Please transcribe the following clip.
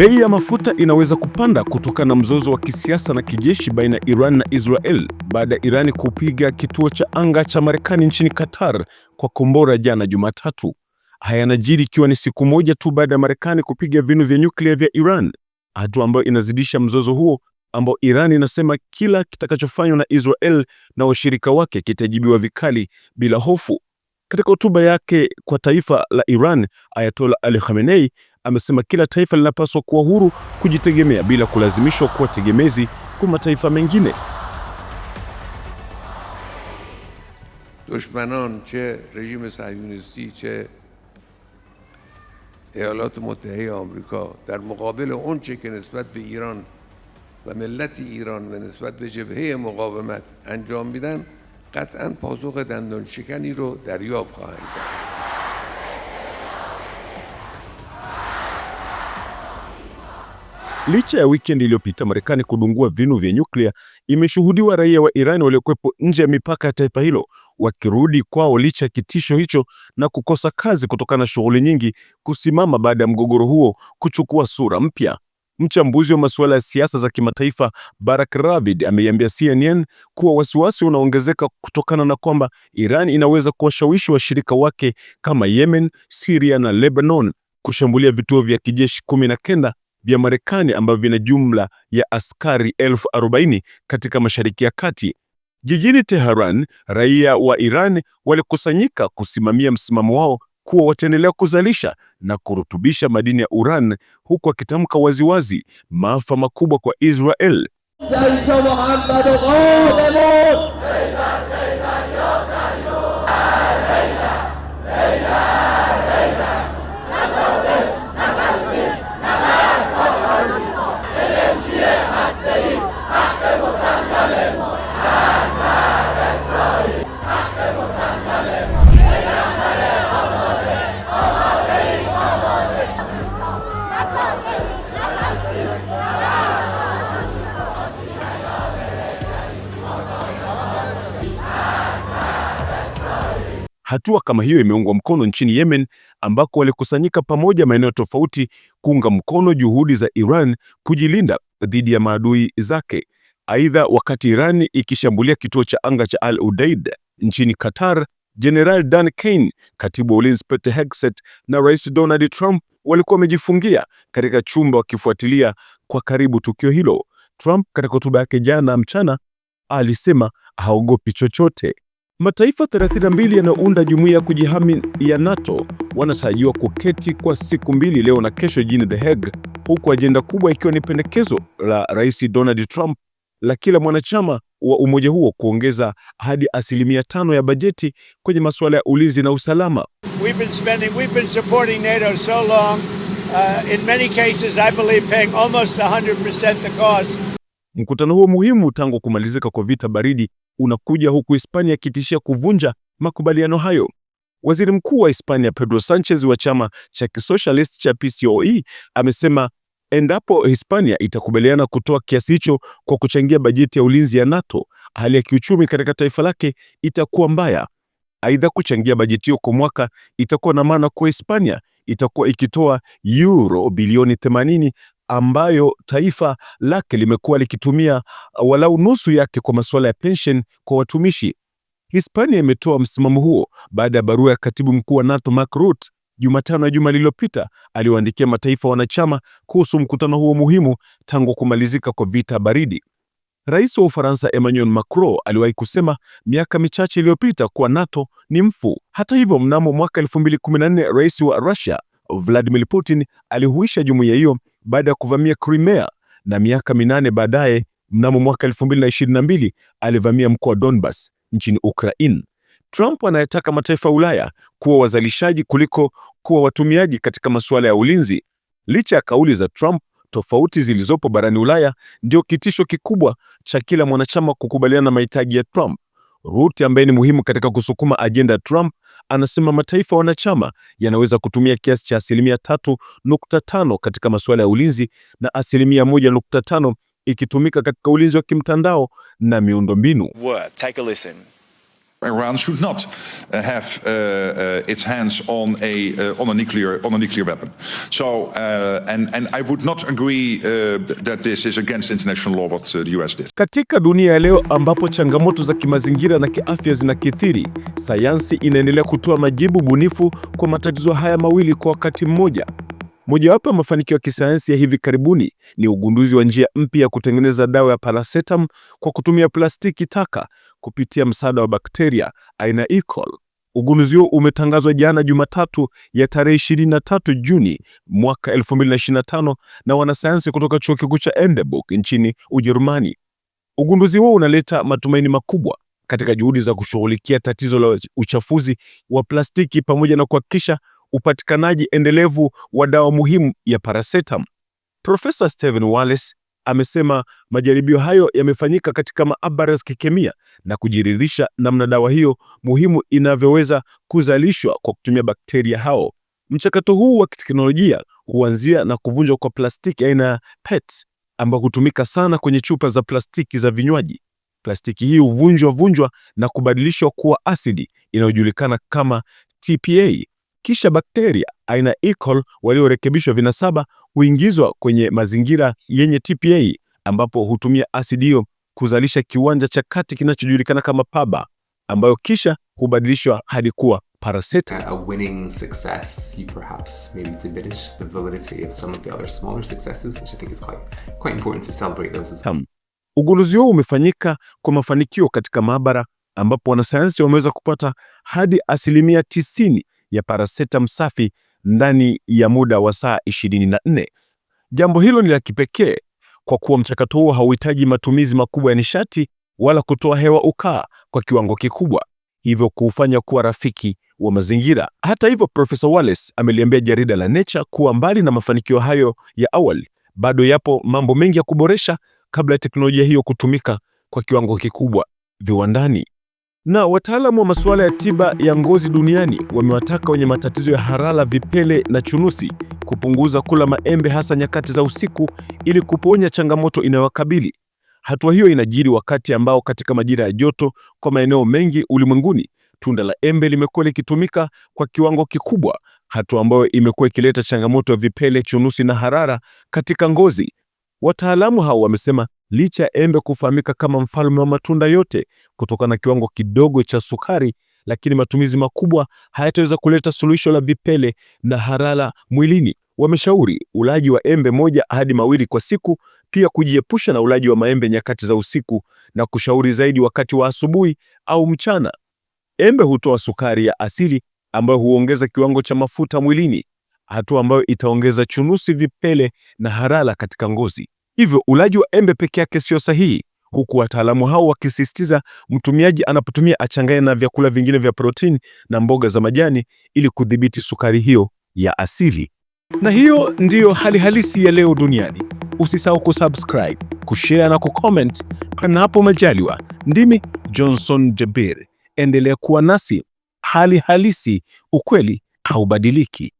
Bei ya mafuta inaweza kupanda kutokana na mzozo wa kisiasa na kijeshi baina ya Iran na Israel baada ya Irani kupiga kituo cha anga cha Marekani nchini Qatar kwa kombora jana Jumatatu. Haya yanajiri ikiwa ni siku moja tu baada ya Marekani kupiga vinu vya nyuklia vya Iran, hatua ambayo inazidisha mzozo huo ambao Iran inasema kila kitakachofanywa na Israel na washirika wake kitajibiwa vikali bila hofu. Katika hotuba yake kwa taifa la Iran, Ayatollah Ali Khamenei amesema kila taifa linapaswa kuwa huru kujitegemea bila kulazimishwa kuwa tegemezi kwa mataifa mengine. چه che رژیم چه چه ایالات متحده آمریکا در مقابل چه که نسبت به ایران و ملت ایران و نسبت به جبهه مقاومت انجام میدن قطعا پاسخ دندان شکنی رو دریافت خواهند کرد Licha ya weekend iliyopita Marekani kudungua vinu vya nyuklia, imeshuhudiwa raia wa Iran waliokuwepo nje ya mipaka ya taifa hilo wakirudi kwao licha ya kitisho hicho na kukosa kazi kutokana na shughuli nyingi kusimama baada ya mgogoro huo kuchukua sura mpya. Mchambuzi wa masuala ya siasa za kimataifa Barak Ravid ameiambia CNN kuwa wasiwasi unaongezeka kutokana na kwamba Iran inaweza kuwashawishi washirika wake kama Yemen, Syria na Lebanon kushambulia vituo vya kijeshi kumi na kenda vya Marekani ambavyo vina jumla ya askari elfu arobaini katika Mashariki ya Kati. Jijini teheran raia wa Iran walikusanyika kusimamia msimamo wao kuwa wataendelea kuzalisha na kurutubisha madini ya uran, huku wakitamka waziwazi maafa makubwa kwa Israel. Hatua kama hiyo imeungwa mkono nchini Yemen ambako walikusanyika pamoja maeneo tofauti kuunga mkono juhudi za Iran kujilinda dhidi ya maadui zake. Aidha, wakati Iran ikishambulia kituo cha anga cha Al Udeid nchini Qatar, General Dan Kane, katibu wa ulinzi Pete Hegseth na Rais Donald Trump walikuwa wamejifungia katika chumba wakifuatilia kwa karibu tukio hilo. Trump katika hotuba yake jana mchana alisema haogopi chochote. Mataifa 32 yanayounda jumuiya ya kujihami ya NATO wanatarajiwa kuketi kwa siku mbili leo na kesho jijini The Hague, huku ajenda kubwa ikiwa ni pendekezo la Rais Donald Trump la kila mwanachama wa umoja huo kuongeza hadi asilimia tano ya bajeti kwenye masuala ya ulinzi na usalama. We've been spending, we've been supporting NATO so long, uh, in many cases I believe paying almost 100% the cost. Mkutano huo muhimu tangu kumalizika kwa vita baridi unakuja huku Hispania ikitishia kuvunja makubaliano hayo. Waziri Mkuu wa Hispania Pedro Sanchez wa chama cha kisocialist cha PCOE amesema endapo Hispania itakubaliana kutoa kiasi hicho kwa kuchangia bajeti ya ulinzi ya NATO, hali ya kiuchumi katika taifa lake itakuwa mbaya. Aidha, kuchangia bajeti hiyo kwa mwaka itakuwa na maana kwa Hispania itakuwa ikitoa euro bilioni 80 ambayo taifa lake limekuwa likitumia uh, walau nusu yake kwa masuala ya pension kwa watumishi. Hispania imetoa msimamo huo baada ya barua ya katibu mkuu wa NATO Mark Rutte Jumatano ya juma lililopita aliyoandikia mataifa wanachama kuhusu mkutano huo muhimu tangu kumalizika kwa vita baridi. Rais wa Ufaransa Emmanuel Macron aliwahi kusema miaka michache iliyopita kuwa NATO ni mfu. Hata hivyo, mnamo mwaka 2014 rais wa Russia Vladimir Putin alihuisha jumuiya hiyo baada ya kuvamia Crimea na miaka minane baadaye, mnamo mwaka 2022 alivamia mkoa wa Donbas nchini Ukraine. Trump anayetaka mataifa ya Ulaya kuwa wazalishaji kuliko kuwa watumiaji katika masuala ya ulinzi. Licha ya kauli za Trump, tofauti zilizopo barani Ulaya ndio kitisho kikubwa cha kila mwanachama kukubaliana na mahitaji ya Trump. Rutte ambaye ni muhimu katika kusukuma ajenda ya Trump anasema mataifa wanachama yanaweza kutumia kiasi cha asilimia 3.5 katika masuala ya ulinzi na asilimia 1.5 ikitumika katika ulinzi wa kimtandao na miundombinu. Take a listen. Iran should not uh, have uh, uh, its hands on a uh, on a nuclear on a nuclear weapon. So uh, and and I would not agree uh, that this is against international law what the US did. Katika dunia ya leo ambapo changamoto za kimazingira na kiafya zinakithiri, sayansi inaendelea kutoa majibu bunifu kwa matatizo haya mawili kwa wakati mmoja. Mojawapo ya mafanikio ya kisayansi ya hivi karibuni ni ugunduzi wa njia mpya ya kutengeneza dawa ya paracetam kwa kutumia plastiki taka kupitia msaada wa bakteria aina E. coli. Ugunduzi huo umetangazwa jana Jumatatu ya tarehe 23 Juni mwaka 2025 na wanasayansi kutoka Chuo Kikuu cha Endeburg nchini Ujerumani. Ugunduzi huo unaleta matumaini makubwa katika juhudi za kushughulikia tatizo la uchafuzi wa plastiki pamoja na kuhakikisha upatikanaji endelevu wa dawa muhimu ya paracetam. Profesa Stephen Wallace amesema majaribio hayo yamefanyika katika maabara za kikemia na kujiridhisha namna dawa hiyo muhimu inavyoweza kuzalishwa kwa kutumia bakteria hao. Mchakato huu wa kiteknolojia huanzia na kuvunjwa kwa plastiki aina ya PET ambayo hutumika sana kwenye chupa za plastiki za vinywaji. Plastiki hii huvunjwa vunjwa na kubadilishwa kuwa asidi inayojulikana kama TPA kisha bakteria aina E. coli waliorekebishwa vinasaba huingizwa kwenye mazingira yenye TPA ambapo hutumia asidi hiyo kuzalisha kiwanja cha kati kinachojulikana kama paba ambayo kisha hubadilishwa hadi kuwa paracetic. A winning success, you perhaps maybe diminish the validity of some of the other smaller successes which I think is quite quite important to celebrate those as well. Ugunduzi huu umefanyika kwa mafanikio katika maabara ambapo wanasayansi wameweza kupata hadi asilimia tisini ya paracetam safi ndani ya muda wa saa 24. Jambo hilo ni la kipekee kwa kuwa mchakato huo hauhitaji matumizi makubwa ya nishati wala kutoa hewa ukaa kwa kiwango kikubwa, hivyo kuufanya kuwa rafiki wa mazingira. Hata hivyo, Profesa Wallace ameliambia jarida la Nature kuwa mbali na mafanikio hayo ya awali, bado yapo mambo mengi ya kuboresha kabla ya teknolojia hiyo kutumika kwa kiwango kikubwa viwandani. Na wataalamu wa masuala ya tiba ya ngozi duniani wamewataka wenye matatizo ya harara, vipele na chunusi kupunguza kula maembe hasa nyakati za usiku ili kuponya changamoto inayowakabili. Hatua hiyo inajiri wakati ambao katika majira ya joto kwa maeneo mengi ulimwenguni, tunda la embe limekuwa likitumika kwa kiwango kikubwa, hatua ambayo imekuwa ikileta changamoto ya vipele, chunusi na harara katika ngozi. Wataalamu hao wamesema licha ya embe kufahamika kama mfalme wa matunda yote kutokana na kiwango kidogo cha sukari, lakini matumizi makubwa hayataweza kuleta suluhisho la vipele na harala mwilini. Wameshauri ulaji wa embe moja hadi mawili kwa siku, pia kujiepusha na ulaji wa maembe nyakati za usiku na kushauri zaidi wakati wa asubuhi au mchana. Embe hutoa sukari ya asili ambayo huongeza kiwango cha mafuta mwilini, hatua ambayo itaongeza chunusi, vipele na harala katika ngozi. Hivyo ulaji wa embe peke yake sio sahihi, huku wataalamu hao wakisisitiza mtumiaji anapotumia achanganye na vyakula vingine vya protini na mboga za majani ili kudhibiti sukari hiyo ya asili. Na hiyo ndiyo hali halisi ya leo duniani. Usisahau kusubscribe, kushare na kucomment panapo majaliwa. Ndimi Johnson Jabir, endelea kuwa nasi. Hali halisi, ukweli haubadiliki.